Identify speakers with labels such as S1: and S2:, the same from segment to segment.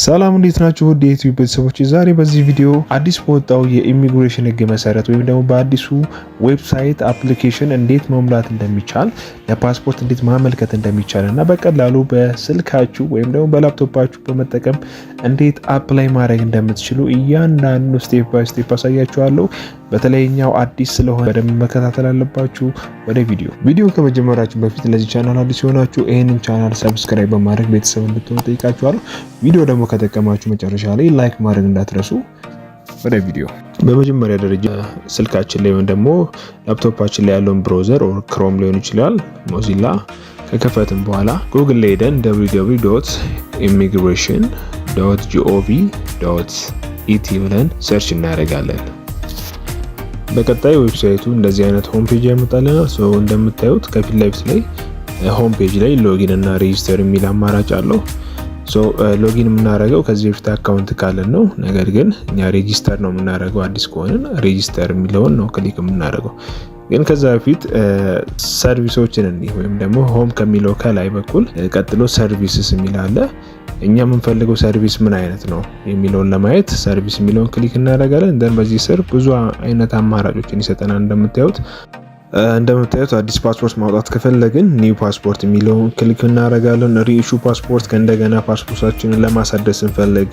S1: ሰላም እንዴት ናችሁ? ውድ የዩቲዩብ ቤተሰቦች፣ ዛሬ በዚህ ቪዲዮ አዲስ በወጣው የኢሚግሬሽን ህግ መሰረት ወይም ደግሞ በአዲሱ ዌብሳይት አፕሊኬሽን እንዴት መሙላት እንደሚቻል ለፓስፖርት እንዴት ማመልከት እንደሚቻል እና በቀላሉ በስልካችሁ ወይም ደግሞ በላፕቶፓችሁ በመጠቀም እንዴት አፕላይ ማድረግ እንደምትችሉ እያንዳንዱ ስቴፕ ባይ ስቴፕ አሳያችኋለሁ። በተለይኛው አዲስ ስለሆነ በደንብ መከታተል አለባችሁ። ወደ ቪዲዮ ቪዲዮ ከመጀመራችሁ በፊት ለዚህ ቻናል አዲስ የሆናችሁ ይህንን ቻናል ሰብስክራይብ በማድረግ ቤተሰብ እንድትሆኑ ጠይቃችኋለሁ። ቪዲዮ ደግሞ ከጠቀማችሁ መጨረሻ ላይ ላይክ ማድረግ እንዳትረሱ። ወደ ቪዲዮ በመጀመሪያ ደረጃ ስልካችን ላይ ወይም ደግሞ ላፕቶፓችን ላይ ያለውን ብሮዘር ኦር ክሮም ሊሆን ይችላል ሞዚላ ከከፈትም በኋላ ጉግል ላይ ሄደን ኢሚግሬሽን ጂኦቪ ኢቲ ብለን ሰርች እናደርጋለን። በቀጣይ ዌብሳይቱ እንደዚህ አይነት ሆም ፔጅ ያመጣልናል። እንደምታዩት ከፊት ለፊት ላይ ሆም eh, ፔጅ ላይ ሎጊን እና ሬጂስተር የሚል አማራጭ አለው። ሎጊን eh, የምናደርገው ከዚህ በፊት አካውንት ካለን ነው። ነገር ግን እኛ ሬጂስተር ነው የምናደርገው አዲስ ከሆንን ሬጅስተር የሚለውን ነው ክሊክ የምናደርገው። ግን ከዛ በፊት ሰርቪሶችን እኒህ ወይም ደግሞ ሆም ከሚለው ከላይ በኩል ቀጥሎ ሰርቪስስ የሚል አለ። እኛ የምንፈልገው ሰርቪስ ምን አይነት ነው የሚለውን ለማየት ሰርቪስ የሚለውን ክሊክ እናደርጋለን። ደን በዚህ ስር ብዙ አይነት አማራጮችን ይሰጠናል። እንደምታዩት እንደምታዩት አዲስ ፓስፖርት ማውጣት ከፈለግን ኒው ፓስፖርት የሚለውን ክሊክ እናደርጋለን። ሪኢሹ ፓስፖርት ከእንደገና ፓስፖርታችንን ለማሳደስ ስንፈልግ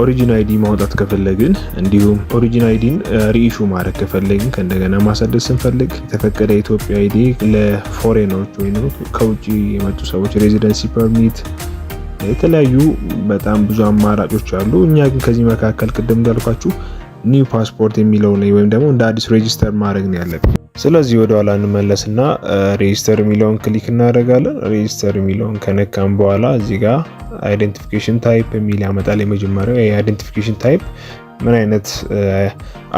S1: ኦሪጂን አይዲ ማውጣት ከፈለግን እንዲሁም ኦሪጂን አይዲን ሪኢሹ ማድረግ ከፈለግን ከእንደገና ማሳደስ ስንፈልግ የተፈቀደ ኢትዮጵያ አይዲ ለፎሬኖች ወይም ከውጭ የመጡ ሰዎች ሬዚደንሲ ፐርሚት የተለያዩ በጣም ብዙ አማራጮች አሉ። እኛ ግን ከዚህ መካከል ቅድም እንዳልኳችሁ ኒው ፓስፖርት የሚለው ላይ ወይም ደግሞ እንደ አዲስ ሬጂስተር ማድረግ ነው ያለብን። ስለዚህ ወደ ኋላ እንመለስና ሬጅስተር የሚለውን ክሊክ እናደርጋለን። ሬጅስተር የሚለውን ከነካም በኋላ እዚህ ጋር አይደንቲፊኬሽን ታይፕ የሚል ያመጣል። የመጀመሪያው የአይደንቲፊኬሽን ታይፕ ምን አይነት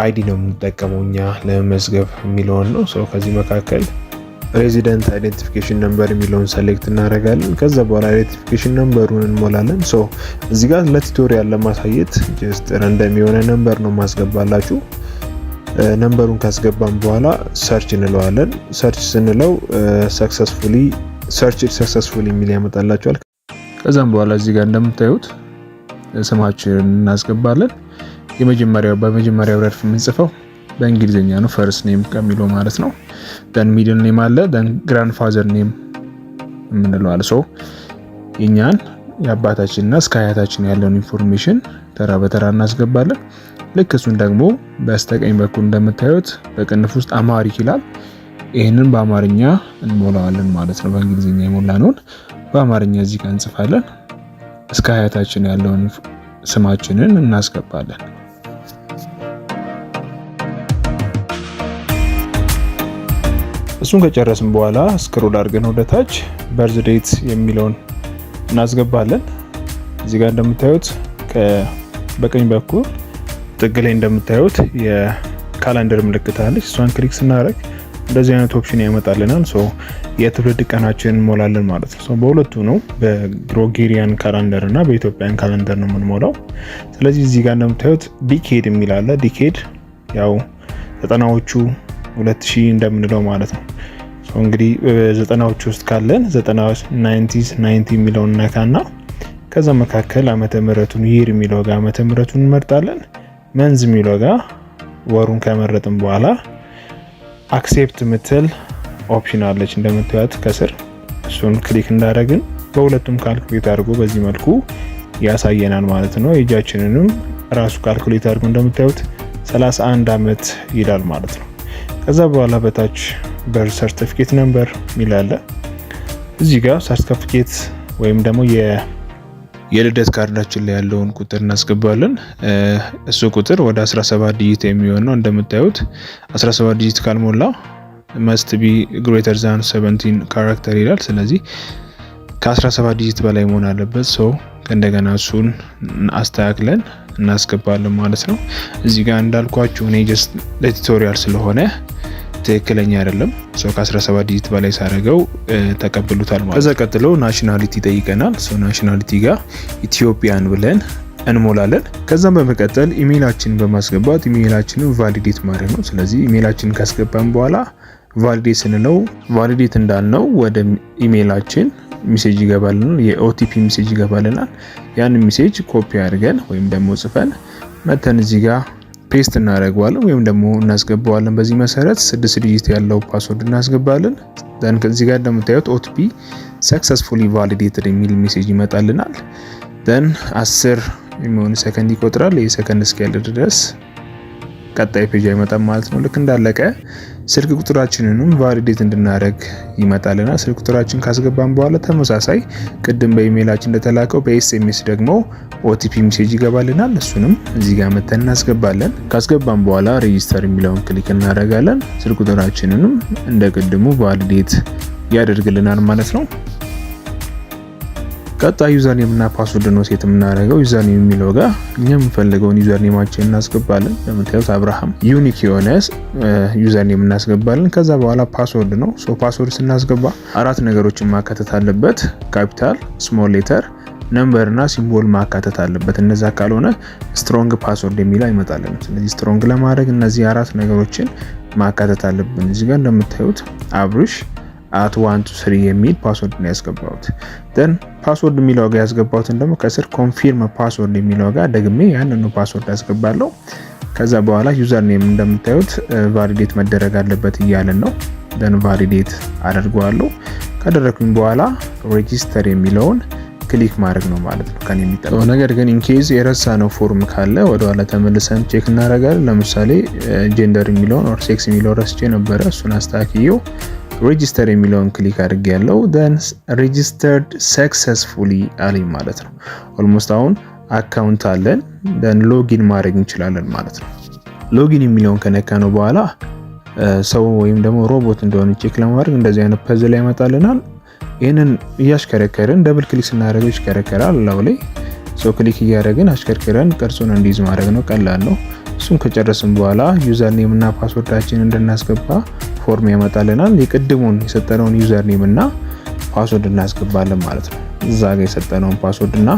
S1: አይዲ ነው የምንጠቀመው እኛ ለመመዝገብ የሚለውን ነው። ሰው ከዚህ መካከል ሬዚደንት አይደንቲፊኬሽን ነምበር የሚለውን ሰሌክት እናደርጋለን። ከዛ በኋላ አይደንቲፊኬሽን ነምበሩን እንሞላለን። ሶ እዚህ ጋር ለቱቶሪያል ለማሳየት ጀስት ረንደም የሆነ ነምበር ነው ማስገባላችሁ። ነንበሩን ካስገባን በኋላ ሰርች እንለዋለን። ሰርች ስንለው ሰክሰስፉሊ ሰርች ሰክሰስፉሊ የሚል ያመጣላቸዋል። ከዛም በኋላ እዚህ ጋር እንደምታዩት ስማችንን እናስገባለን። የመጀመሪያው በመጀመሪያው ረድፍ የምንጽፈው በእንግሊዝኛ ነው ፈርስ ኔም ከሚለው ማለት ነው። ደን ሚድል ኔም አለ ደን ግራንድ ፋዘር ኔም የምንለዋል። ሶ የእኛን የአባታችንና እስከ አያታችን ያለውን ኢንፎርሜሽን ተራ በተራ እናስገባለን። ልክ እሱን ደግሞ በስተቀኝ በኩል እንደምታዩት በቅንፍ ውስጥ አማሪክ ይላል። ይህንን በአማርኛ እንሞላዋለን ማለት ነው። በእንግሊዝኛ የሞላ ነውን በአማርኛ እዚህ ጋር እንጽፋለን። እስከ ሀያታችን ያለውን ስማችንን እናስገባለን። እሱን ከጨረስን በኋላ ስክሮል አድርገን ወደታች በርዝ ዴት የሚለውን እናስገባለን። እዚህ ጋር እንደምታዩት በቀኝ በኩል ጥግ ላይ እንደምታዩት የካላንደር ምልክት አለች። እሷን ክሊክ ስናደርግ እንደዚህ አይነት ኦፕሽን ያመጣልናል። ሶ የትውልድ ቀናችን እንሞላለን ማለት ነው። በሁለቱ ነው፣ በግሮጌሪያን ካላንደር እና በኢትዮጵያን ካላንደር ነው የምንሞላው። ስለዚህ እዚህ ጋር እንደምታዩት ዲኬድ የሚል አለ። ዲኬድ ያው ዘጠናዎቹ ሁለት እንደምንለው ማለት ነው። እንግዲህ ዘጠናዎቹ ውስጥ ካለን ዘጠና ናይንቲስ ናይንቲ የሚለውን ነካና ከዛ መካከል አመተ ምሕረቱን ይር የሚለው ጋር አመተ ምሕረቱን እንመርጣለን። መንዝ የሚለው ጋር ወሩን ከመረጥን በኋላ አክሴፕት ምትል ኦፕሽን አለች እንደምታዩት ከስር እሱን ክሊክ እንዳደረግን በሁለቱም ካልኩሌት አድርጎ በዚህ መልኩ ያሳየናል ማለት ነው። የእጃችንንም ራሱ ካልኩሌት አድርጎ እንደምታዩት 31 ዓመት ይላል ማለት ነው። ከዛ በኋላ በታች በር ሰርቲፊኬት ነምበር ሚላለ እዚህ ጋር ሰርቲፊኬት ወይም ደግሞ የልደት ካርዳችን ላይ ያለውን ቁጥር እናስገባለን። እሱ ቁጥር ወደ 17 ዲጂት የሚሆን ነው። እንደምታዩት 17 ዲጂት ካልሞላ መስት ቢ ግሬተር ዛን 17 ካራክተር ይላል። ስለዚህ ከ17 ዲጂት በላይ መሆን አለበት። ሰው እንደገና እሱን አስተካክለን እናስገባለን ማለት ነው። እዚህ ጋር እንዳልኳችሁ እኔ ጀስት ለቱቶሪያል ስለሆነ ትክክለኛ አይደለም። ሰው ከ17 ዲጂት በላይ ሳደረገው ተቀብሉታል ማለት። ከዛ ቀጥሎ ናሽናሊቲ ይጠይቀናል። ሰው ናሽናሊቲ ጋር ኢትዮጵያን ብለን እንሞላለን። ከዛም በመቀጠል ኢሜይላችንን በማስገባት ኢሜይላችንን ቫሊዴት ማድረግ ነው። ስለዚህ ኢሜይላችንን ካስገባን በኋላ ቫሊዴት ስንለው ቫሊዴት እንዳልነው ወደ ኢሜይላችን ሚሴጅ ይገባልናል፣ የኦቲፒ ሚሴጅ ይገባልናል። ያን ሚሴጅ ኮፒ አድርገን ወይም ደግሞ ጽፈን መተን እዚህ ጋር ፔስት እናደርገዋለን ወይም ደግሞ እናስገባዋለን። በዚህ መሰረት ስድስት ዲጂት ያለው ፓስወርድ እናስገባለን። ዘን ከዚህ ጋር እንደምታዩት ኦቲፒ ሰክሰስፉሊ ቫሊዴትድ የሚል ሜሴጅ ይመጣልናል። ዘን አስር የሚሆን ሰከንድ ይቆጥራል። ይህ ሰከንድ እስኪያልድ ድረስ ቀጣይ ፔጅ አይመጣም ማለት ነው። ልክ እንዳለቀ ስልክ ቁጥራችንንም ቫሊዴት እንድናደረግ ይመጣልና ስልክ ቁጥራችን ካስገባን በኋላ ተመሳሳይ ቅድም በኢሜይላችን እንደተላከው በኤስኤምኤስ ደግሞ ኦቲፒ ሜሴጅ ይገባልናል። እሱንም እዚህ ጋር መተን እናስገባለን። ካስገባን በኋላ ሬጂስተር የሚለውን ክሊክ እናደረጋለን። ስልክ ቁጥራችንንም እንደ ቅድሙ ቫሊዴት ያደርግልናል ማለት ነው። ቀጣይ ዩዘርኔም እና ፓስወርድ ነው ሴት የምናደርገው። ዩዘርኔም የሚለው ጋር እኛ የምንፈልገውን ዩዘርኔማችን እናስገባለን። ለምታዩት አብርሃም ዩኒክ የሆነ ዩዘርኔም እናስገባለን። ከዛ በኋላ ፓስወርድ ነው። ሶ ፓስወርድ ስናስገባ አራት ነገሮችን ማካተት አለበት። ካፒታል፣ ስሞል ሌተር ነምበር እና ሲምቦል ማካተት አለበት። እነዛ ካልሆነ ስትሮንግ ፓስወርድ የሚለ አይመጣልንም። ስለዚህ ስትሮንግ ለማድረግ እነዚህ አራት ነገሮችን ማካተት አለብን። እዚጋ እንደምታዩት አብርሽ አት ዋን ቱ ስሪ የሚል ፓስወርድ ነው ያስገባሁት። ደን ፓስወርድ የሚለው ጋር ያስገባሁትን ደግሞ ከስር ኮንፊርም ፓስወርድ የሚለው ጋር ደግሜ ያንኑ ፓስወርድ ያስገባለሁ። ከዛ በኋላ ዩዘር ኔም እንደምታዩት ቫሊዴት መደረግ አለበት እያለን ነው። ደን ቫሊዴት አደርገዋለሁ። ካደረግኩኝ በኋላ ሬጂስተር የሚለውን ክሊክ ማድረግ ነው ማለት ነው ከኔ የሚጠ ነገር ግን ኢንኬዝ የረሳ ነው ፎርም ካለ ወደኋላ ተመልሰን ቼክ እናደርጋለን። ለምሳሌ ጀንደር የሚለውን ኦር ሴክስ የሚለውን ረስቼ ነበረ እሱን አስተካክየው ሬጂስተር የሚለውን ክሊክ አድርግ ያለው ን ሬጂስተርድ ሰክሰስፉሊ አለኝ ማለት ነው። ኦልሞስት አሁን አካውንት አለን ን ሎጊን ማድረግ እንችላለን ማለት ነው። ሎጊን የሚለውን ከነካ ነው በኋላ ሰው ወይም ደግሞ ሮቦት እንደሆነ ቼክ ለማድረግ እንደዚህ አይነት ፐዝል ያመጣልናል። ይህንን እያሽከረከርን ደብል ክሊክ ስናደረገው ይሽከረከራል። ላው ላይ ሰው ክሊክ እያደረግን አሽከርክረን ቅርጹን እንዲይዝ ማድረግ ነው። ቀላል ነው። እሱም ከጨረስን በኋላ ዩዘር ኔም እና ፓስወርዳችን እንድናስገባ ፎርም ያመጣልናል። የቅድሙን የሰጠነውን ዩዘር ኔም እና ፓስወርድ እናስገባለን ማለት ነው። እዛ ጋር የሰጠነውን ፓስወርድ እና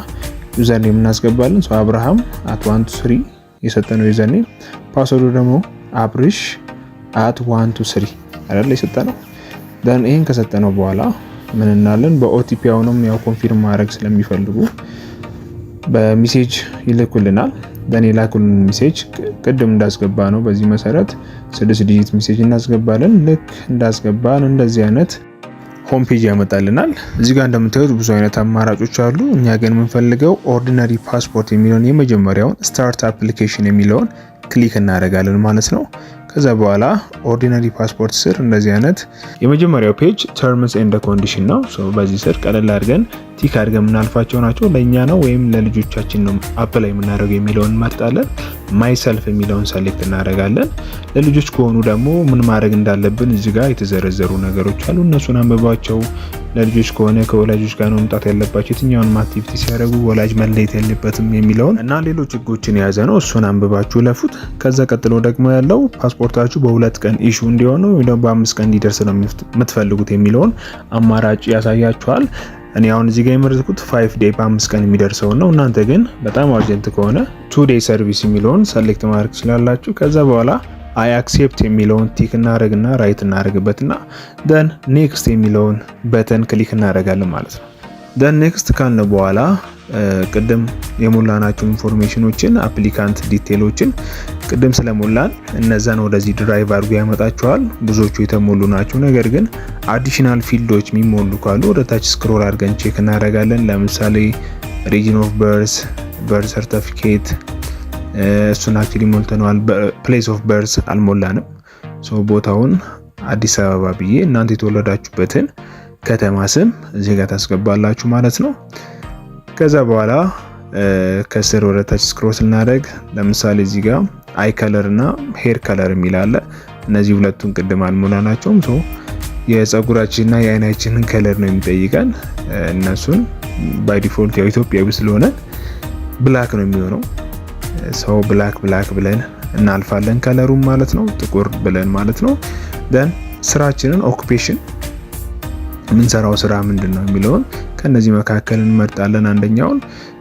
S1: ዩዘር ኔም እናስገባለን። ሰው አብርሃም አት ዋን ቱ ስሪ የሰጠነው ዩዘር ኔም፣ ፓስወርዱ ደግሞ አብሪሽ አት ዋን ቱ ስሪ አይደለ የሰጠነው። ይህን ከሰጠነው በኋላ ምን እናለን? በኦቲፒ አሁንም ያው ኮንፊርም ማድረግ ስለሚፈልጉ በሚሴጅ ይልኩልናል። ደን የላኩልን ሚሴጅ ቅድም እንዳስገባ ነው። በዚህ መሰረት ስድስት ዲጂት ሚሴጅ እናስገባለን። ልክ እንዳስገባን እንደዚህ አይነት ሆም ፔጅ ያመጣልናል። እዚህ ጋር እንደምታዩት ብዙ አይነት አማራጮች አሉ። እኛ ግን የምንፈልገው ኦርዲነሪ ፓስፖርት የሚለውን የመጀመሪያውን ስታርት አፕሊኬሽን የሚለውን ክሊክ እናደርጋለን ማለት ነው። ከዛ በኋላ ኦርዲናሪ ፓስፖርት ስር እንደዚህ አይነት የመጀመሪያው ፔጅ ተርምስ ኤንድ ኮንዲሽን ነው። በዚህ ስር ቀለል አድርገን ቲክ አድርገን የምናልፋቸው ናቸው። ለእኛ ነው ወይም ለልጆቻችን ነው አፕላይ የምናደርገው የሚለውን እንመርጣለን። ማይሰልፍ የሚለውን ሰሌክት እናደርጋለን። ለልጆች ከሆኑ ደግሞ ምን ማድረግ እንዳለብን እዚህ ጋር የተዘረዘሩ ነገሮች አሉ። እነሱን አንብባቸው ለልጆች ከሆነ ከወላጆች ጋር ነው መምጣት ያለባቸው። የትኛውንም አክቲቪቲ ሲያደርጉ ወላጅ መለየት ያለበትም የሚለውን እና ሌሎች ህጎችን የያዘ ነው። እሱን አንብባችሁ ለፉት። ከዛ ቀጥሎ ደግሞ ያለው ፓስፖርታችሁ በሁለት ቀን ኢሹ እንዲሆኑ ደግሞ በአምስት ቀን እንዲደርስ ነው የምትፈልጉት የሚለውን አማራጭ ያሳያችኋል። እኔ አሁን እዚህ ጋር የመረጥኩት ፋይቭ ዴይ በአምስት ቀን የሚደርሰው ነው። እናንተ ግን በጣም አርጀንት ከሆነ ቱ ዴይ ሰርቪስ የሚለውን ሰሌክት ማድረግ ትችላላችሁ። ከዛ በኋላ አይ አክሴፕት የሚለውን ቲክ እናደርግና ራይት እናደርግበትና ደን ኔክስት የሚለውን በተን ክሊክ እናደርጋለን ማለት ነው። ደን ኔክስት ካልን በኋላ ቅድም የሞላናቸው ኢንፎርሜሽኖችን አፕሊካንት ዲቴሎችን ቅድም ስለሞላን እነዛን ወደዚህ ድራይቭ አድርጎ ያመጣቸዋል። ብዙዎቹ የተሞሉ ናቸው። ነገር ግን አዲሽናል ፊልዶች የሚሞሉ ካሉ ወደ ታች ስክሮል አድርገን ቼክ እናደርጋለን። ለምሳሌ ሪጅን ኦፍ በርስ፣ በርስ ሰርተፊኬት፣ እሱን አክቹሊ ሞልተነዋል። ፕሌስ ኦፍ በርስ አልሞላንም። ቦታውን አዲስ አበባ ብዬ እናንተ የተወለዳችሁበትን ከተማ ስም እዚህ ጋር ታስገባላችሁ ማለት ነው። ከዛ በኋላ ከስር ወደ ታች ስክሮል ስናደርግ ለምሳሌ እዚህ ጋር አይ ከለር እና ሄር ከለር የሚል አለ። እነዚህ ሁለቱን ቅድም አልሞላናቸውም። ሶ እና የአይናችንን ከለር ነው የሚጠይቀን። እነሱን ባይ ዲፎልት ያው ኢትዮጵያዊ ስለሆነ ብላክ ነው የሚሆነው ሰው ብላክ ብላክ ብለን እናልፋለን። ከለሩም ማለት ነው ጥቁር ብለን ማለት ነው። ደን ስራችንን ኦኩፔሽን የምንሰራው ስራ ምንድን ነው የሚለውን ከነዚህ መካከል እንመርጣለን። አንደኛውን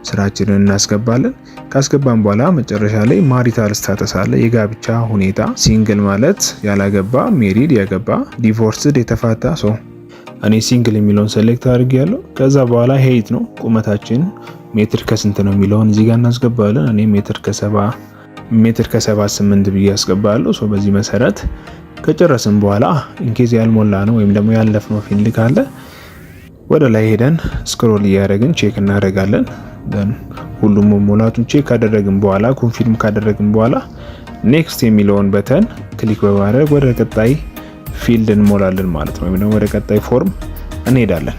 S1: ስራችንን እናስገባለን። ካስገባን በኋላ መጨረሻ ላይ ማሪታል ስታተስ አለ፣ የጋብቻ ሁኔታ። ሲንግል ማለት ያላገባ፣ ሜሪድ ያገባ፣ ዲቮርስድ የተፋታ ሰው። እኔ ሲንግል የሚለውን ሴሌክት አድርጌ ያለው። ከዛ በኋላ ሄይት ነው ቁመታችን ሜትር ከስንት ነው የሚለውን እዚህ ጋር እናስገባለን። እኔ ሜትር ከሰባ ሜትር ከሰባ ስምንት ብዬ ያስገባለሁ። ሶ በዚህ መሰረት ከጨረስን በኋላ ኢንኬዝ ያልሞላ ነው ወይም ደግሞ ያለፍነው ፊልድ ካለ ወደ ላይ ሄደን ስክሮል እያደረግን ቼክ እናደርጋለን። ሁሉም መሞላቱን ቼክ ካደረግን በኋላ ኮንፊርም ካደረግን በኋላ ኔክስት የሚለውን በተን ክሊክ በማድረግ ወደ ቀጣይ ፊልድ እንሞላለን ማለት ነው፣ ወይም ደግሞ ወደ ቀጣይ ፎርም እንሄዳለን።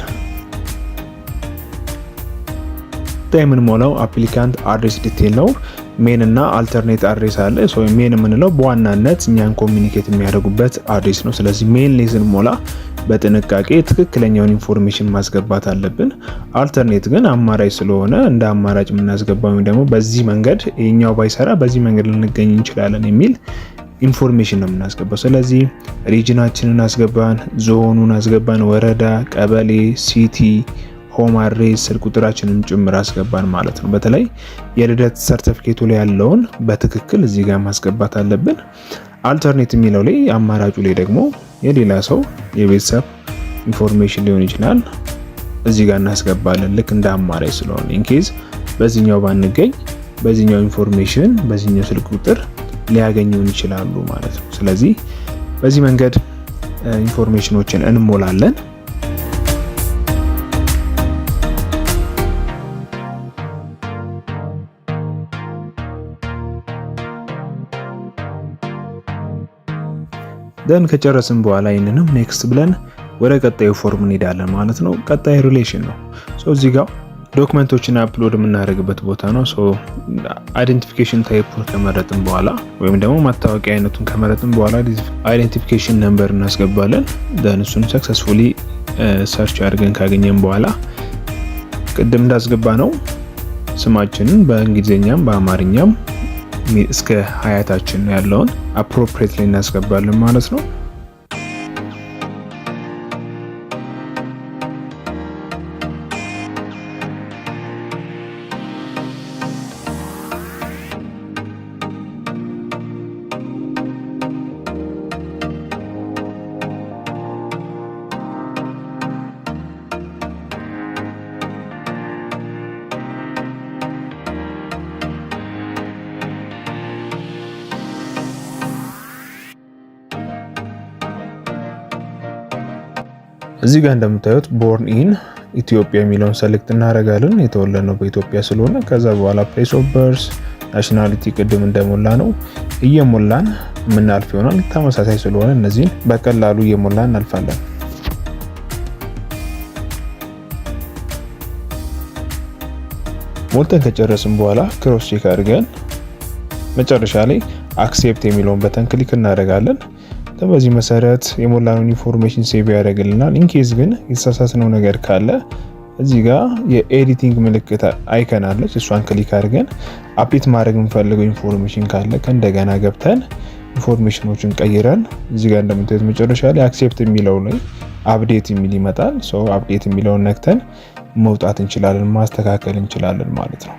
S1: ቀጥታ የምንሞላው አፕሊካንት አድሬስ ዲቴል ነው። ሜን እና አልተርኔት አድሬስ አለ። ሶ ሜን የምንለው በዋናነት እኛን ኮሚኒኬት የሚያደርጉበት አድሬስ ነው። ስለዚህ ሜን ላይ ስንሞላ በጥንቃቄ ትክክለኛውን ኢንፎርሜሽን ማስገባት አለብን። አልተርኔት ግን አማራጭ ስለሆነ እንደ አማራጭ የምናስገባ ወይም ደግሞ በዚህ መንገድ የኛው ባይሰራ በዚህ መንገድ ልንገኝ እንችላለን የሚል ኢንፎርሜሽን ነው የምናስገባው። ስለዚህ ሪጅናችንን አስገባን፣ ዞኑን አስገባን፣ ወረዳ፣ ቀበሌ፣ ሲቲ ሆም አድሬስ፣ ስልክ ቁጥራችንም ጭምር አስገባን ማለት ነው። በተለይ የልደት ሰርተፍኬቱ ላይ ያለውን በትክክል እዚህ ጋር ማስገባት አለብን። አልተርኔት የሚለው ላይ አማራጩ ላይ ደግሞ የሌላ ሰው የቤተሰብ ኢንፎርሜሽን ሊሆን ይችላል እዚህ ጋር እናስገባለን። ልክ እንደ አማራጭ ስለሆነ ኢንኬዝ በዚህኛው ባንገኝ በዚህኛው ኢንፎርሜሽን በዚህኛው ስልክ ቁጥር ሊያገኙን ይችላሉ ማለት ነው። ስለዚህ በዚህ መንገድ ኢንፎርሜሽኖችን እንሞላለን። ደን ከጨረስን በኋላ ይህንንም ኔክስት ብለን ወደ ቀጣዩ ፎርም እንሄዳለን ማለት ነው። ቀጣይ ሪሌሽን ነው። ሶ እዚህ ጋር ዶክመንቶችን አፕሎድ የምናደርግበት ቦታ ነው። ሶ አይደንቲፊኬሽን ታይፑን ከመረጥን በኋላ ወይም ደግሞ ማታወቂያ አይነቱን ከመረጥን በኋላ አይደንቲፊኬሽን ነምበር እናስገባለን። ደን እሱን ሰክሰስፉሊ ሰርች uh, አድርገን ካገኘን በኋላ ቅድም እንዳስገባ ነው ስማችንን በእንግሊዝኛም በአማርኛም እስከ ሀያታችን ያለውን አፕሮፕሬትሊ እናስገባለን ማለት ነው። እዚህ ጋር እንደምታዩት ቦርን ኢን ኢትዮጵያ የሚለውን ሰሌክት እናደርጋለን። የተወለድ ነው በኢትዮጵያ ስለሆነ ከዛ በኋላ ፕሌስ ኦፍ በርስ ናሽናሊቲ ቅድም እንደሞላ ነው እየሞላን የምናልፍ ይሆናል። ተመሳሳይ ስለሆነ እነዚህን በቀላሉ እየሞላን እናልፋለን። ሞልተን ከጨረስን በኋላ ክሮስ ቼክ አድርገን መጨረሻ ላይ አክሴፕት የሚለውን በተን ክሊክ እናደርጋለን። በዚህ መሰረት የሞላነውን ኢንፎርሜሽን ሴቭ ያደርግልናል። ኢንኬዝ ግን የተሳሳትነው ነገር ካለ እዚህ ጋር የኤዲቲንግ ምልክት አይከን አለች። እሷን ክሊክ አድርገን አፕዴት ማድረግ የምፈልገው ኢንፎርሜሽን ካለ ከእንደገና ገብተን ኢንፎርሜሽኖችን ቀይረን እዚህ ጋር እንደምታዩት መጨረሻ ላይ አክሴፕት የሚለው ላይ አፕዴት የሚል ይመጣል። አፕዴት የሚለውን ነክተን መውጣት እንችላለን፣ ማስተካከል እንችላለን ማለት ነው።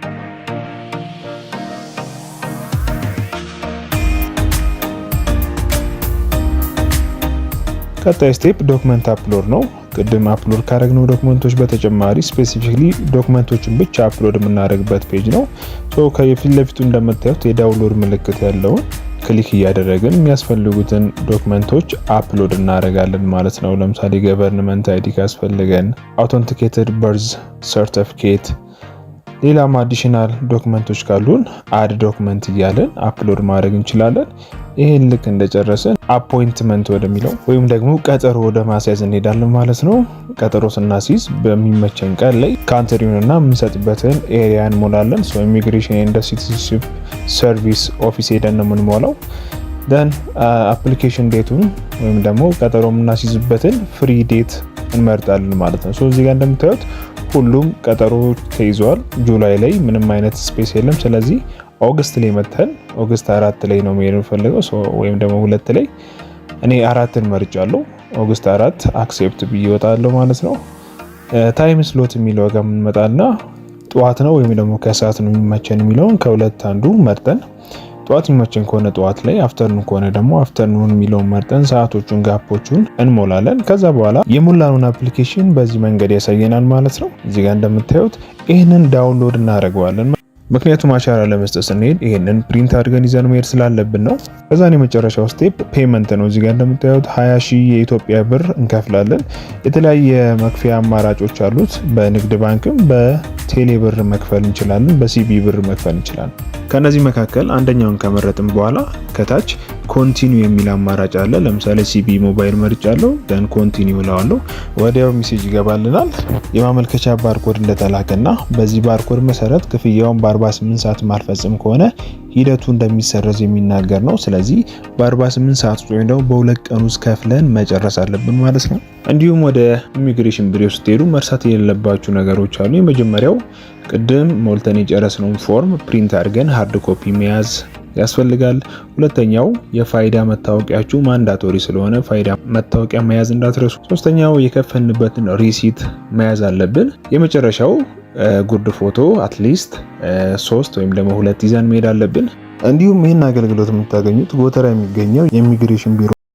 S1: ቀጣይ ስቴፕ ዶክመንት አፕሎድ ነው። ቅድም አፕሎድ ካደረግነው ዶክመንቶች በተጨማሪ ስፔሲፊክሊ ዶክመንቶችን ብቻ አፕሎድ የምናደርግበት ፔጅ ነው። ከፊት ለፊቱ እንደምታዩት የዳውንሎድ ምልክት ያለውን ክሊክ እያደረግን የሚያስፈልጉትን ዶክመንቶች አፕሎድ እናደርጋለን ማለት ነው። ለምሳሌ ገቨርንመንት አይዲ ካስፈልገን፣ አውቶንቲኬትድ በርዝ ሰርተፊኬት ሌላም አዲሽናል ዶክመንቶች ካሉን አድ ዶክመንት እያለን አፕሎድ ማድረግ እንችላለን። ይህን ልክ እንደጨረስን አፖይንትመንት ወደሚለው ወይም ደግሞ ቀጠሮ ወደ ማስያዝ እንሄዳለን ማለት ነው። ቀጠሮ ስናስይዝ በሚመቸን ቀን ላይ ካንትሪውንና የምንሰጥበትን ኤሪያ እንሞላለን። ኢሚግሬሽን ኤንድ ሲቲዝንሺፕ ሰርቪስ ኦፊስ ሄደን ነው የምንሞላው። ደን አፕሊኬሽን ዴቱን ወይም ደግሞ ቀጠሮ የምናስይዝበትን ፍሪ ዴት እንመርጣለን ማለት ነው። እዚህ ጋር እንደምታዩት ሁሉም ቀጠሮ ተይዘዋል። ጁላይ ላይ ምንም አይነት ስፔስ የለም። ስለዚህ ኦገስት ላይ መተን ኦገስት አራት ላይ ነው መሄድ የምፈልገው ወይም ደግሞ ሁለት ላይ እኔ አራትን መርጫለሁ። ኦገስት አራት አክሴፕት ብዬ እወጣለሁ ማለት ነው። ታይም ስሎት የሚለው ጋር የምንመጣና ጠዋት ነው ወይም ደግሞ ከሰዓት ነው የሚመቸን የሚለውን ከሁለት አንዱ መርጠን ጠዋት ይመቸን ከሆነ ጠዋት ላይ፣ አፍተርኑን ከሆነ ደግሞ አፍተርኑን የሚለውን መርጠን ሰዓቶቹን ጋፖቹን እንሞላለን። ከዛ በኋላ የሞላነውን አፕሊኬሽን በዚህ መንገድ ያሳየናል ማለት ነው። እዚህ ጋር እንደምታዩት ይህንን ዳውንሎድ እናደርገዋለን። ምክንያቱም አሻራ ለመስጠት ስንሄድ ይህንን ፕሪንት አድርገን ይዘን መሄድ ስላለብን ነው። ከዛን የመጨረሻው ስቴፕ ፔመንት ነው። እዚጋ እንደምታዩት 20 ሺህ የኢትዮጵያ ብር እንከፍላለን። የተለያየ መክፊያ አማራጮች አሉት። በንግድ ባንክም በቴሌ ብር መክፈል እንችላለን። በሲቢ ብር መክፈል እንችላለን። ከነዚህ መካከል አንደኛውን ከመረጥም በኋላ ከታች ኮንቲኒ የሚል አማራጭ አለ። ለምሳሌ ሲቢ ሞባይል መርጫ አለው ደን ኮንቲኒ ላዋለው ወዲያው ሜሴጅ ይገባልናል። የማመልከቻ ባርኮድ እንደተላከና በዚህ ባርኮድ መሰረት ክፍያውን በ48 ሰዓት ማልፈጽም ከሆነ ሂደቱ እንደሚሰረዝ የሚናገር ነው። ስለዚህ በ48 ሰዓት ውስጥ ወይም ደግሞ በሁለት ቀን ውስጥ ከፍለን መጨረስ አለብን ማለት ነው። እንዲሁም ወደ ኢሚግሬሽን ቢሮ ስትሄዱ መርሳት የሌለባችሁ ነገሮች አሉ። የመጀመሪያው ቅድም ሞልተን የጨረስነውን ፎርም ፕሪንት አድርገን ሃርድ ኮፒ መያዝ ያስፈልጋል። ሁለተኛው የፋይዳ መታወቂያችሁ ማንዳቶሪ ስለሆነ ፋይዳ መታወቂያ መያዝ እንዳትረሱ። ሶስተኛው የከፈልንበትን ሪሲት መያዝ አለብን። የመጨረሻው ጉርድ ፎቶ አትሊስት ሶስት ወይም ደግሞ ሁለት ይዘን መሄድ አለብን። እንዲሁም ይህን አገልግሎት የምታገኙት ጎተራ የሚገኘው የኢሚግሬሽን ቢሮ